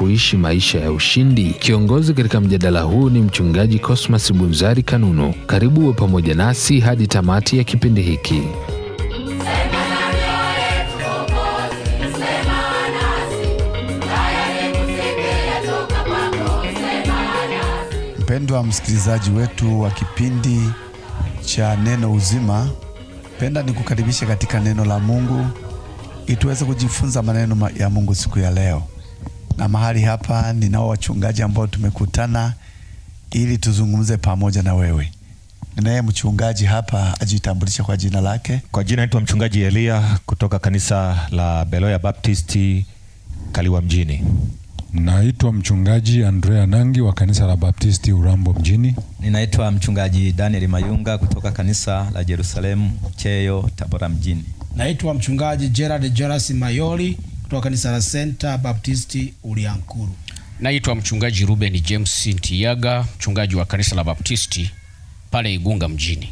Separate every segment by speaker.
Speaker 1: kuishi maisha ya ushindi. Kiongozi katika mjadala huu ni Mchungaji Cosmas Bunzari Kanunu. Karibu we pamoja nasi hadi tamati ya kipindi hiki.
Speaker 2: Mpendwa msikilizaji wetu wa kipindi cha Neno Uzima, penda nikukaribisha katika neno la Mungu ili tuweze kujifunza maneno ya Mungu siku ya leo na mahali hapa ninao wachungaji ambao tumekutana ili tuzungumze pamoja na wewe. Ninaye mchungaji hapa, ajitambulisha kwa jina lake.
Speaker 3: Kwa jina naitwa mchungaji Elia kutoka kanisa la
Speaker 2: Beloya Baptisti
Speaker 4: Kaliwa mjini.
Speaker 5: Naitwa mchungaji Andrea Nangi wa kanisa la Baptisti Urambo mjini.
Speaker 4: Ninaitwa mchungaji Daniel Mayunga kutoka kanisa la Jerusalemu Cheyo Tabora mjini.
Speaker 3: Naitwa mchungaji Gerard Jerasi Mayoli kutoka kanisa la Center Baptist Uliankuru.
Speaker 6: Naitwa mchungaji Ruben James Ntiyaga, mchungaji wa kanisa la Baptisti pale Igunga mjini.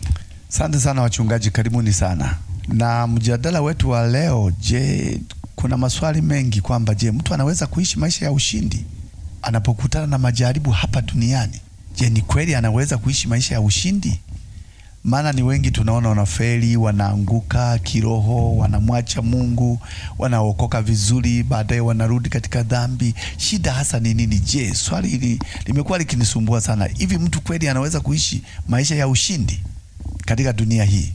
Speaker 2: Asante sana wachungaji, karibuni sana na mjadala wetu wa leo. Je, kuna maswali mengi kwamba je, mtu anaweza kuishi maisha ya ushindi anapokutana na majaribu hapa duniani? Je, ni kweli anaweza kuishi maisha ya ushindi? Maana ni wengi tunaona wanafeli, wanaanguka kiroho, wanamwacha Mungu, wanaokoka vizuri, baadaye wanarudi katika dhambi. Shida hasa ni nini? Je, swali hili limekuwa likinisumbua sana. Hivi mtu kweli anaweza kuishi maisha ya ushindi katika dunia hii?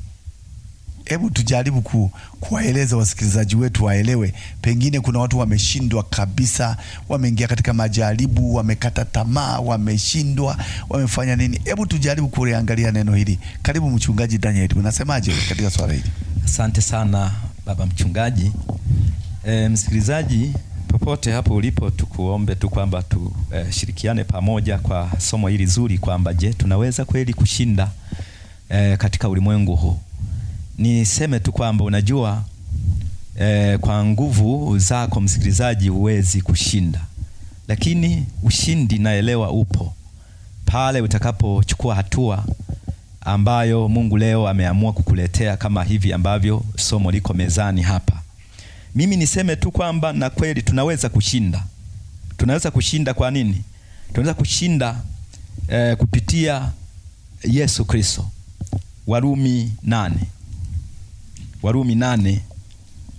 Speaker 2: hebu tujaribu ku, kuwaeleza wasikilizaji wetu waelewe. Pengine kuna watu wameshindwa kabisa, wameingia katika majaribu, wamekata tamaa, wameshindwa, wamefanya nini? Hebu tujaribu kuliangalia neno hili. Karibu mchungaji Daniel, unasemaje
Speaker 4: katika swala hili? Asante sana baba mchungaji. E, msikilizaji popote hapo ulipo, tukuombe tu kwamba tushirikiane eh, e, pamoja kwa somo hili zuri, kwamba je, tunaweza kweli kushinda e, katika ulimwengu huu niseme tu kwamba unajua eh, kwa nguvu zako msikilizaji huwezi kushinda, lakini ushindi naelewa upo pale utakapochukua hatua ambayo Mungu leo ameamua kukuletea kama hivi ambavyo somo liko mezani hapa. Mimi niseme tu kwamba na kweli tunaweza kushinda. Tunaweza kushinda kwa nini? Tunaweza kushinda eh, kupitia Yesu Kristo. Warumi nane Warumi nane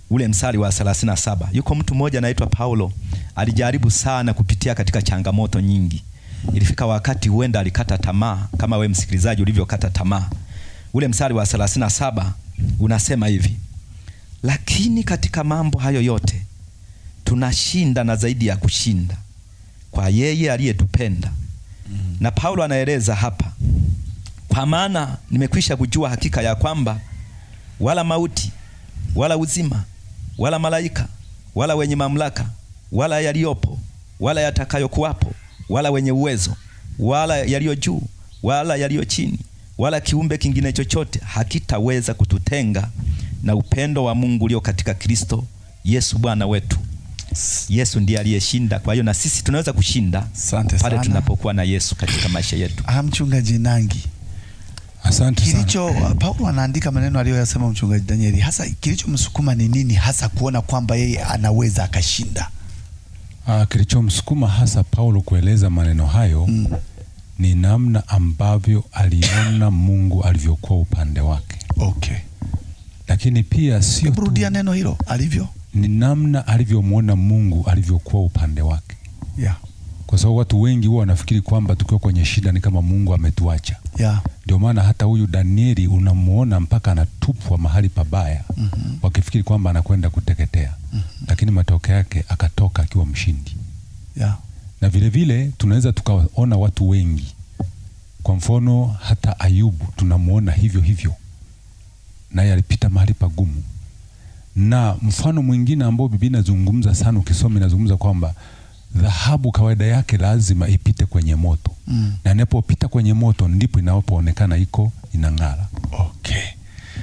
Speaker 4: ule msali wa 37. Yuko mtu mmoja anaitwa Paulo, alijaribu sana kupitia katika changamoto nyingi. Ilifika wakati huenda alikata tamaa, kama we msikilizaji ulivyokata tamaa. Ule msali wa 37 unasema hivi: lakini katika mambo hayo yote tunashinda na zaidi ya kushinda kwa yeye aliyetupenda. mm -hmm. Na Paulo anaeleza hapa, kwa maana nimekwisha kujua hakika ya kwamba wala mauti wala uzima wala malaika wala wenye mamlaka wala yaliyopo wala yatakayokuwapo wala wenye uwezo wala yaliyo juu wala yaliyo chini wala kiumbe kingine chochote hakitaweza kututenga na upendo wa Mungu ulio katika Kristo Yesu Bwana wetu. Yesu ndiye aliyeshinda. Kwa hiyo na sisi tunaweza kushinda pale tunapokuwa na Yesu katika maisha yetu.
Speaker 2: Ah, mchungaji Nangi, Asante sana. Kilicho Paulo anaandika maneno aliyoyasema mchungaji Danieli, hasa kilichomsukuma ni nini hasa kuona kwamba yeye anaweza
Speaker 5: akashinda? Ah, kilichomsukuma hasa Paulo kueleza maneno hayo mm, ni namna ambavyo aliona Mungu alivyokuwa upande wake. Okay. Lakini pia sio rudia neno hilo alivyo, ni namna alivyomwona Mungu alivyokuwa upande wake. Yeah kwa sababu watu wengi huwa wanafikiri kwamba tukiwa kwenye shida ni kama Mungu ametuacha. Yeah. Ndio maana hata huyu Danieli unamuona mpaka anatupwa mahali pabaya mm -hmm. wakifikiri kwamba anakwenda kuteketea mm -hmm. lakini matokeo yake akatoka akiwa mshindi. Yeah. Na vile vile tunaweza tukaona watu wengi, kwa mfano hata Ayubu tunamuona hivyo hivyo, naye alipita mahali pagumu. Na mfano mwingine ambao Biblia inazungumza sana, ukisoma inazungumza kwamba Dhahabu kawaida yake lazima ipite kwenye moto mm. na inapopita kwenye moto ndipo inapoonekana iko inang'ara. Okay.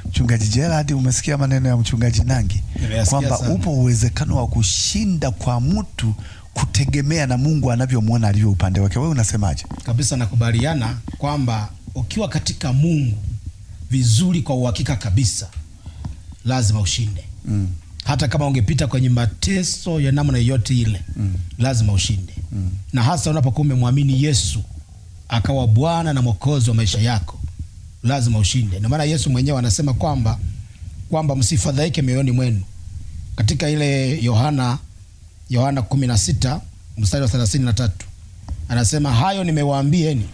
Speaker 5: Mchungaji Gerald, umesikia maneno ya mchungaji Nangi kwamba upo uwezekano wa
Speaker 2: kushinda kwa mtu kutegemea na Mungu anavyomwona alivyo upande wake. Wewe unasemaje?
Speaker 3: Kabisa, nakubaliana kwamba ukiwa katika Mungu vizuri, kwa uhakika kabisa lazima ushinde mm hata kama ungepita kwenye mateso ya namna yoyote ile mm. lazima ushinde mm. na hasa unapokuwa umemwamini Yesu akawa Bwana na Mwokozi wa maisha yako, lazima ushinde. Ndio maana Yesu mwenyewe anasema kwamba kwamba msifadhaike mioyoni mwenu, katika ile Yohana Yohana 16 mstari wa 33 anasema hayo nimewaambieni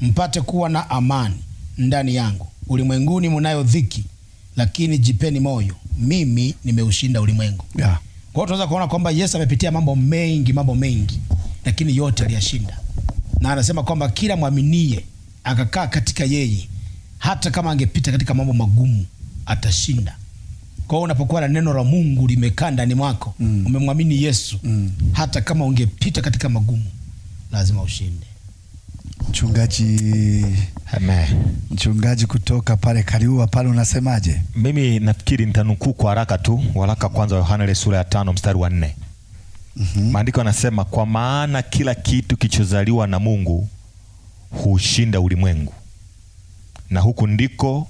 Speaker 3: mpate kuwa na amani ndani yangu. Ulimwenguni munayo dhiki, lakini jipeni moyo mimi nimeushinda ulimwengu yeah. Kwa hiyo tunaweza kuona kwamba Yesu amepitia mambo mengi, mambo mengi, lakini yote aliyashinda, na anasema kwamba kila mwaminie akakaa katika yeye, hata kama angepita katika mambo magumu atashinda. Kwa hiyo unapokuwa na neno la Mungu limekaa ndani mwako mm. umemwamini Yesu mm. hata kama ungepita katika magumu lazima ushinde
Speaker 2: mchungaji Amen. Mchungaji kutoka pale Kaliua pale unasemaje?
Speaker 3: Mimi nafikiri nitanukuu kwa haraka tu waraka kwanza wa Yohana ile sura ya tano mstari wa nne. mm -hmm. Maandiko yanasema kwa maana kila kitu kilichozaliwa na Mungu huushinda ulimwengu, na huku ndiko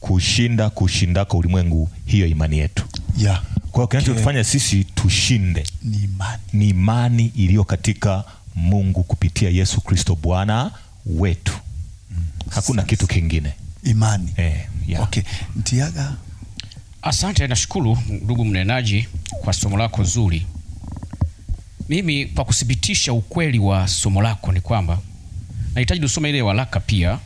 Speaker 3: kushinda kushindako ulimwengu, hiyo imani yetu yeah. Kwa hiyo kinachotufanya okay. sisi tushinde ni imani, ni imani iliyo katika Mungu kupitia Yesu Kristo Bwana
Speaker 2: wetu, hakuna kitu kingine imani. Eh, yeah. Okay. Ntiaga,
Speaker 6: asante nashukuru ndugu mnenaji kwa somo lako zuri. Mimi kwa kuthibitisha ukweli wa somo lako ni kwamba nahitaji tusome ile waraka pia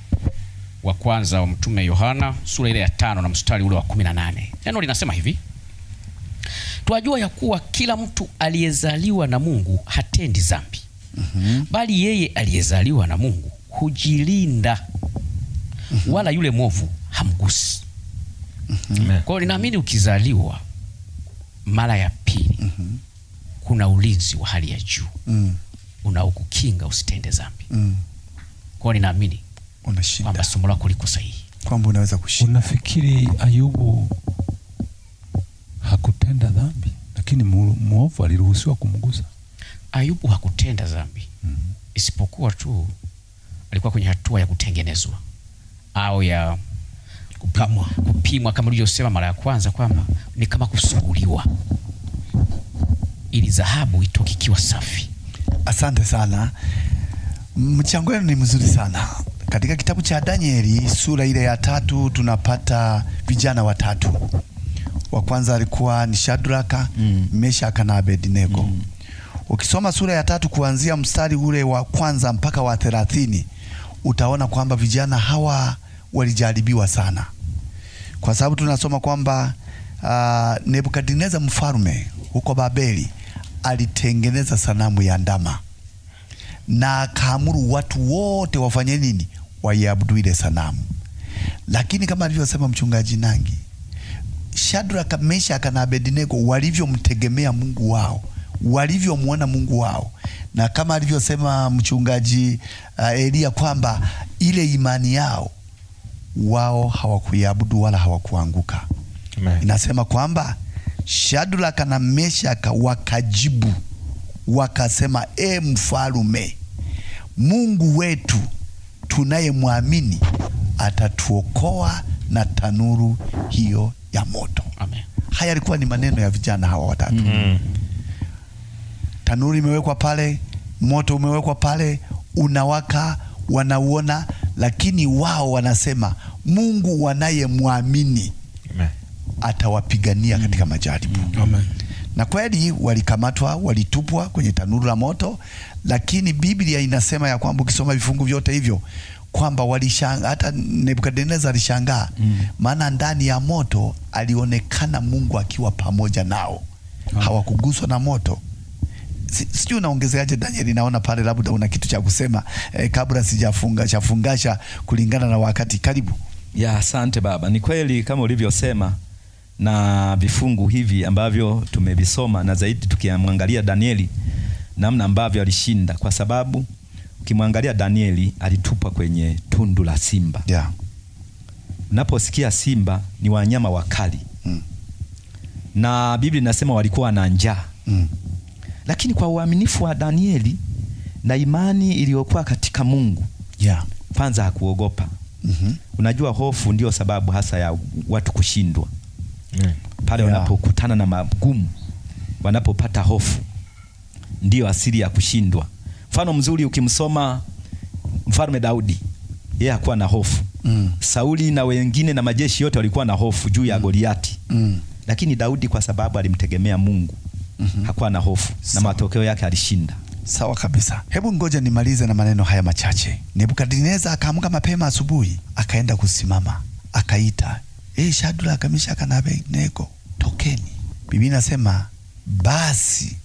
Speaker 6: wa kwanza wa mtume Yohana sura ile ya tano na mstari ule wa kumi na nane. Neno linasema hivi: twajua ya kuwa kila mtu aliyezaliwa na Mungu hatendi dhambi, mm -hmm. bali yeye aliyezaliwa na Mungu hujilinda mm -hmm. wala yule mwovu hamgusi. mm -hmm. Kwa hiyo ninaamini ukizaliwa mara ya pili mm -hmm. kuna ulinzi wa hali ya juu mm -hmm. unaokukinga usitende dhambi
Speaker 2: mm -hmm.
Speaker 5: Kwa
Speaker 6: hiyo ninaamini kwamba somo lako liko sahihi,
Speaker 2: kwamba unaweza kushinda.
Speaker 5: Unafikiri Ayubu hakutenda dhambi, lakini mwovu aliruhusiwa kumgusa? Ayubu hakutenda dhambi mm -hmm. isipokuwa tu
Speaker 6: alikuwa kwenye hatua ya kutengenezwa au ya kupimwa, kupimwa kama ulivyosema mara ya kwanza kwamba ni kama kusuguliwa
Speaker 2: ili dhahabu itoke ikiwa safi. Asante sana, mchango wenu ni mzuri sana. Katika kitabu cha Danieli sura ile ya tatu tunapata vijana watatu. Wa kwanza alikuwa ni Shadraka, mm. Meshaka na Abednego mm. Ukisoma sura ya tatu kuanzia mstari ule wa kwanza mpaka wa thelathini utaona kwamba vijana hawa walijaribiwa sana, kwa sababu tunasoma kwamba uh, ah, Nebukadineza mfalme huko Babeli alitengeneza sanamu ya ndama na akaamuru watu wote wafanye nini? Waiabudu ile sanamu. Lakini kama alivyosema mchungaji Nangi, Shadraka, Meshaki na Abednego walivyomtegemea Mungu wao walivyomwona Mungu wao, na kama alivyosema mchungaji uh, Elia kwamba ile imani yao wao hawakuiabudu wala hawakuanguka. Amen. Inasema kwamba Shadraka na Meshaka wakajibu wakasema, e mfalume, Mungu wetu tunayemwamini atatuokoa na tanuru hiyo ya moto. Amen. Haya yalikuwa ni maneno ya vijana hawa watatu. Mm -hmm tanuri imewekwa pale, moto umewekwa pale, unawaka, wanauona, lakini wao wanasema Mungu wanayemwamini atawapigania mm. katika majaribu mm. Na kweli walikamatwa, walitupwa kwenye tanuru la moto, lakini Biblia inasema ya kwamba ukisoma vifungu vyote hivyo kwamba walishangaa, hata nebukadnezar alishangaa mm. maana ndani ya moto alionekana Mungu akiwa pamoja nao, hawakuguswa na moto si, sijui unaongezeaje Daniel, naona pale labda una kitu cha kusema eh, kabla sijafungasha fungasha kulingana na wakati. Karibu.
Speaker 4: Ya, asante baba. Ni kweli kama ulivyosema na vifungu hivi ambavyo tumevisoma na zaidi tukimwangalia Danieli namna ambavyo alishinda, kwa sababu ukimwangalia Danieli alitupwa kwenye tundu la simba yeah. Unaposikia simba ni wanyama wakali mm. na Biblia inasema walikuwa na njaa mm. Lakini kwa uaminifu wa Danieli na imani iliyokuwa katika Mungu yeah. Kwanza hakuogopa. mm -hmm. Unajua, hofu ndio sababu hasa ya watu kushindwa mm. pale yeah. wanapokutana na magumu, wanapopata hofu ndiyo asili ya kushindwa. Mfano mzuri ukimsoma Mfalme Daudi, yeye hakuwa na hofu mm. Sauli na wengine na majeshi yote walikuwa na hofu juu ya mm. Goliati mm. Lakini Daudi kwa sababu alimtegemea Mungu -hmm. hakuwa na hofu na matokeo yake alishinda. Sawa kabisa. Hebu ngoja nimalize na maneno haya machache.
Speaker 2: Nebukadineza akaamka mapema asubuhi, akaenda kusimama, akaita hey, Shadraka, Meshaki na Abednego, tokeni. Biblia inasema basi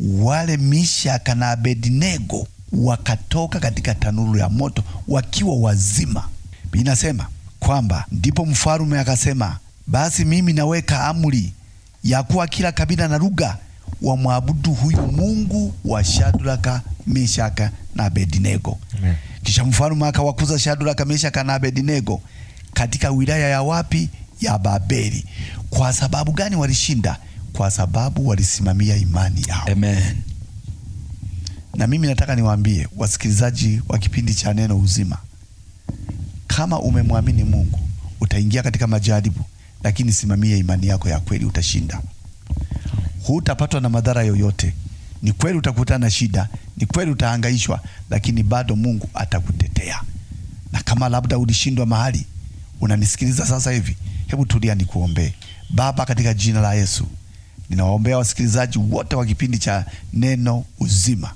Speaker 2: wale Meshaki na Abednego wakatoka katika tanuru ya moto wakiwa wazima. Biblia inasema kwamba ndipo mfalume akasema, basi mimi naweka amri ya kuwa kila kabila na lugha wamwabudu huyu Mungu wa Shadraka, Meshaka na Abednego. Amen. Kisha mfalme akawakuza Shadraka, Meshaka na Abednego katika wilaya ya wapi? Ya Babeli. Kwa sababu gani walishinda? Kwa sababu walisimamia imani yao. Amen. Na mimi nataka niwaambie wasikilizaji wa kipindi cha Neno Uzima, kama umemwamini Mungu utaingia katika majaribu, lakini simamia imani yako ya kweli, utashinda hutapatwa na madhara yoyote. Ni kweli utakutana na shida, ni kweli utahangaishwa, lakini bado Mungu atakutetea. Na kama labda ulishindwa mahali, unanisikiliza sasa hivi, hebu tulia, nikuombee. Baba, katika jina la Yesu ninawaombea wasikilizaji wote wa kipindi cha Neno Uzima.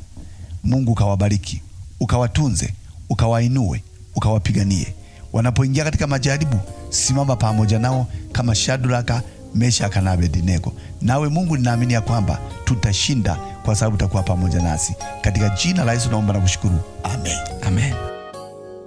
Speaker 2: Mungu ukawabariki, ukawatunze, ukawainue, ukawapiganie wanapoingia katika majaribu. Simama pamoja nao kama Shadraka, mesha na Abednego. Nawe Mungu, ninaamini ya kwamba tutashinda, kwa sababu utakuwa pamoja nasi. Katika jina la Yesu naomba na kushukuru, amen, amen.